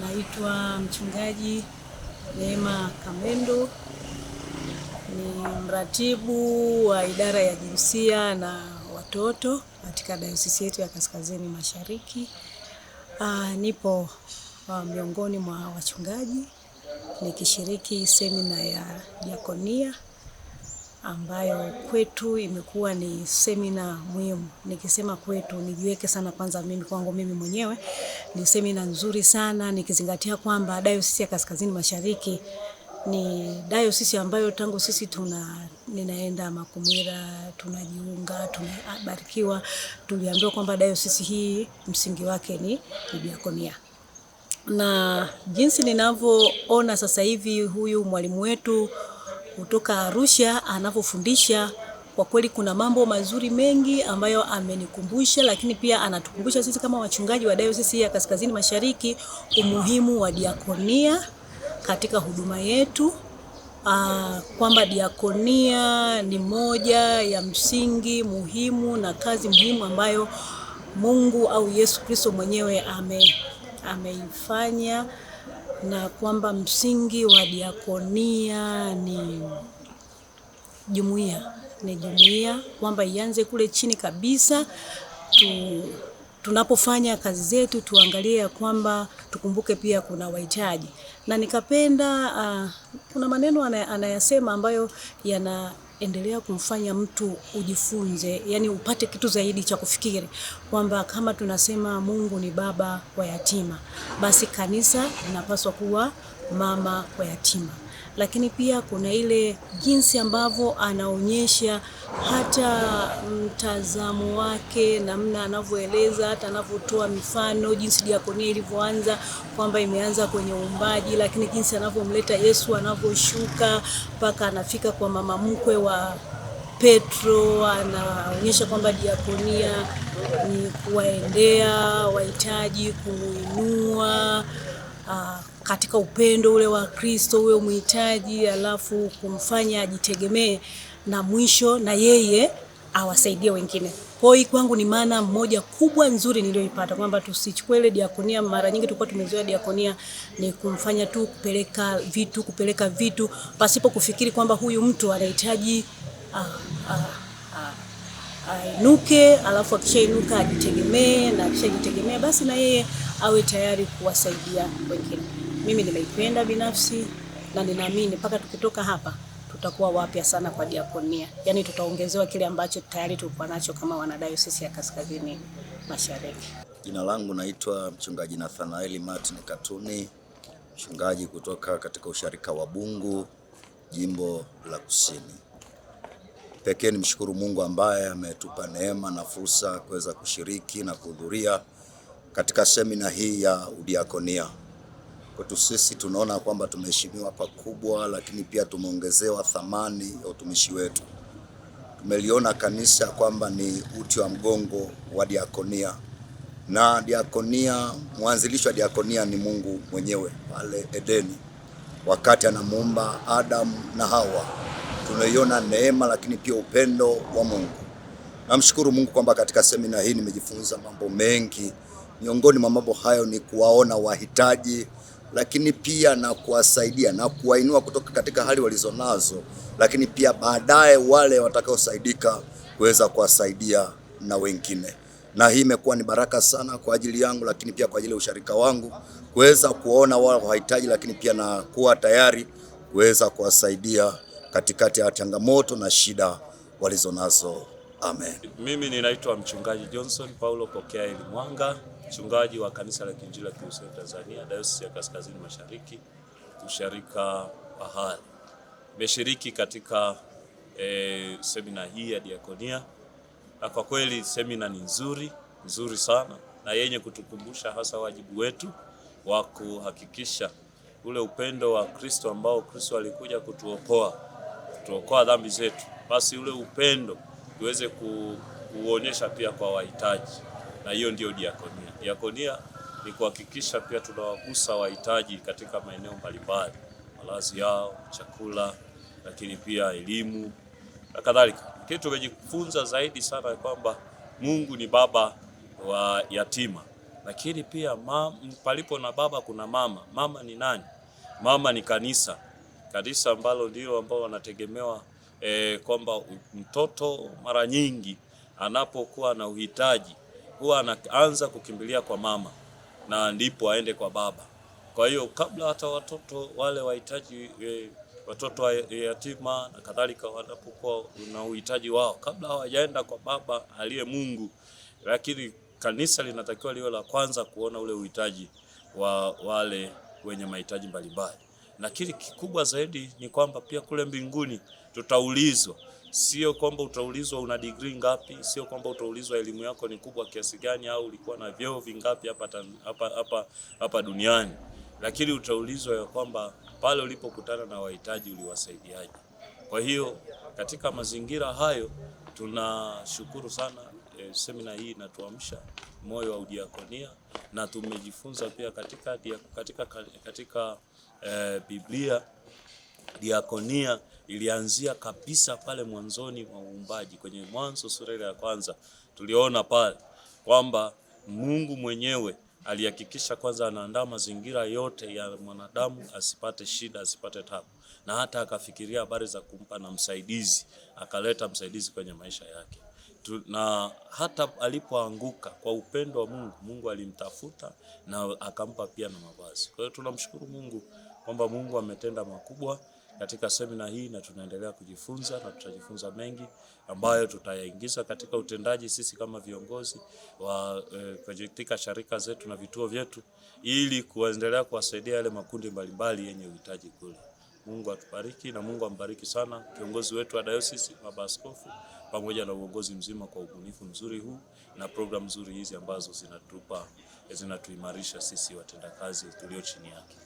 naitwa mchungaji Neema Kamendo, ni mratibu wa idara ya jinsia na watoto katika dayosisi yetu ya Kaskazini Mashariki. Aa, ah, nipo ah, miongoni mwa wachungaji nikishiriki semina ya diakonia ambayo kwetu imekuwa ni semina muhimu. Nikisema kwetu, nijiweke sana kwanza, mimi kwangu mimi mwenyewe, ni semina nzuri sana nikizingatia kwamba Dayosisi ya Kaskazini Mashariki ni dayosisi ambayo tangu sisi tuna ninaenda Makumira tunajiunga, tumebarikiwa, tuliambiwa kwamba dayosisi hii msingi wake ni diakonia, na jinsi ninavyoona sasa hivi huyu mwalimu wetu kutoka Arusha anavyofundisha. Kwa kweli kuna mambo mazuri mengi ambayo amenikumbusha, lakini pia anatukumbusha sisi kama wachungaji wa Dayosisi ya Kaskazini Mashariki umuhimu wa diakonia katika huduma yetu. Ah, kwamba diakonia ni moja ya msingi muhimu na kazi muhimu ambayo Mungu au Yesu Kristo mwenyewe ame ameifanya na kwamba msingi wa diakonia ni jumuiya, ni jumuiya, kwamba ianze kule chini kabisa tu, tunapofanya kazi zetu tuangalie ya kwamba tukumbuke pia kuna wahitaji, na nikapenda uh, kuna maneno anayasema ambayo yana endelea kumfanya mtu ujifunze, yani upate kitu zaidi cha kufikiri, kwamba kama tunasema Mungu ni baba wa yatima, basi kanisa linapaswa kuwa mama wa yatima, lakini pia kuna ile jinsi ambavyo anaonyesha hata mtazamo wake, namna anavyoeleza, hata anavyotoa mifano, jinsi diakonia ilivyoanza, kwamba imeanza kwenye uumbaji, lakini jinsi anavyomleta Yesu, anavyoshuka mpaka anafika kwa mama mkwe wa Petro anaonyesha kwamba diakonia ni kuwaendea wahitaji, kumuinua. Ah, katika upendo ule wa Kristo, huyo mhitaji, alafu kumfanya ajitegemee na mwisho na yeye awasaidie wengine. Kwa hiyo kwangu ni maana moja kubwa nzuri niliyoipata kwamba tusichukue ile diakonia. Mara nyingi tulikuwa tumezoea diakonia ni kumfanya tu kupeleka vitu, kupeleka vitu pasipo kufikiri kwamba huyu mtu anahitaji ah, ah, ah, ainuke, alafu akishainuka ajitegemee, na akishajitegemea basi na yeye awe tayari kuwasaidia wengine mimi nimeipenda binafsi na ninaamini mpaka tukitoka hapa tutakuwa wapya sana kwa diakonia, yaani tutaongezewa kile ambacho tayari tulikuwa nacho kama wanadayosisi ya Kaskazini Mashariki. Jina langu naitwa mchungaji Nathanaeli Martin Katuni, mchungaji kutoka katika usharika wa Bungu, jimbo la Kusini. Pekee ni mshukuru Mungu ambaye ametupa neema na fursa kuweza kushiriki na kuhudhuria katika semina hii ya udiakonia. Kwetu sisi tunaona kwamba tumeheshimiwa pakubwa, lakini pia tumeongezewa thamani ya utumishi wetu. Tumeliona kanisa kwamba ni uti wa mgongo wa diakonia, na diakonia, mwanzilishi wa diakonia ni Mungu mwenyewe pale Edeni, wakati anamuumba Adamu na Hawa. Tunaiona neema, lakini pia upendo wa Mungu. Namshukuru Mungu kwamba katika semina hii nimejifunza mambo mengi. Miongoni mwa mambo hayo ni kuwaona wahitaji lakini pia na kuwasaidia na kuwainua kutoka katika hali walizonazo, lakini pia baadaye wale watakaosaidika kuweza kuwasaidia na wengine. Na hii imekuwa ni baraka sana kwa ajili yangu, lakini pia kwa ajili ya usharika wangu kuweza kuona wale wahitaji, lakini pia na kuwa tayari kuweza kuwasaidia katikati ya changamoto na shida walizonazo. Amen. Mimi ninaitwa Mchungaji Johnson Paulo Pokea Elimwanga mchungaji wa kanisa la Kiinjili la Kilutheri Tanzania Dayosisi ya Kaskazini Mashariki usharika Pahali. Nimeshiriki katika e, semina hii ya diakonia, na kwa kweli semina ni nzuri nzuri sana na yenye kutukumbusha hasa wajibu wetu wa kuhakikisha ule upendo wa Kristo ambao Kristo alikuja kutuokoa kutuokoa dhambi zetu, basi ule upendo tuweze ku, kuuonyesha pia kwa wahitaji na hiyo ndio diakonia. Diakonia ni kuhakikisha pia tunawagusa wahitaji katika maeneo mbalimbali, malazi yao, chakula, lakini pia elimu na kadhalika. Lakini tumejifunza zaidi sana kwamba Mungu ni baba wa yatima, lakini pia palipo na baba kuna mama. Mama ni nani? Mama ni kanisa, kanisa ambalo ndio ambao wanategemewa e, kwamba mtoto mara nyingi anapokuwa na uhitaji huwa anaanza kukimbilia kwa mama na ndipo aende kwa baba. Kwa hiyo kabla hata watoto wale wahitaji e, watoto wa yatima na kadhalika wanapokuwa na uhitaji wao, kabla hawajaenda kwa baba aliye Mungu, lakini kanisa linatakiwa liwe la kwanza kuona ule uhitaji wa wale wenye mahitaji mbalimbali, na kile kikubwa zaidi ni kwamba pia kule mbinguni tutaulizwa Sio kwamba utaulizwa una degree ngapi, sio kwamba utaulizwa elimu yako ni kubwa kiasi gani au ulikuwa na vyeo vingapi hapa hapa hapa hapa duniani, lakini utaulizwa ya kwamba pale ulipokutana na wahitaji uliwasaidiaje. Kwa hiyo katika mazingira hayo tunashukuru sana e, semina hii inatuamsha moyo wa udiakonia na tumejifunza pia katika, katika, katika e, Biblia diakonia ilianzia kabisa pale mwanzoni mwa uumbaji. Kwenye Mwanzo sura ile ya kwanza tuliona pale kwamba Mungu mwenyewe alihakikisha kwanza anaandaa mazingira yote ya mwanadamu asipate shida, asipate tabu, na hata akafikiria habari za kumpa na msaidizi, akaleta msaidizi kwenye maisha yake na hata alipoanguka kwa upendo wa Mungu, Mungu alimtafuta na akampa pia na mavazi. Kwa hiyo tunamshukuru Mungu kwamba Mungu ametenda makubwa katika semina hii, na tunaendelea kujifunza na tutajifunza mengi ambayo tutayaingiza katika utendaji sisi kama viongozi wa eh, katika sharika zetu na vituo vyetu, ili kuendelea kuwasaidia yale makundi mbalimbali yenye uhitaji kule. Mungu atubariki na Mungu ambariki sana kiongozi wetu wa dayosisi Baba Askofu pamoja na uongozi mzima kwa ubunifu mzuri huu na programu nzuri hizi ambazo zinatupa zinatuimarisha sisi watendakazi tulio chini yake.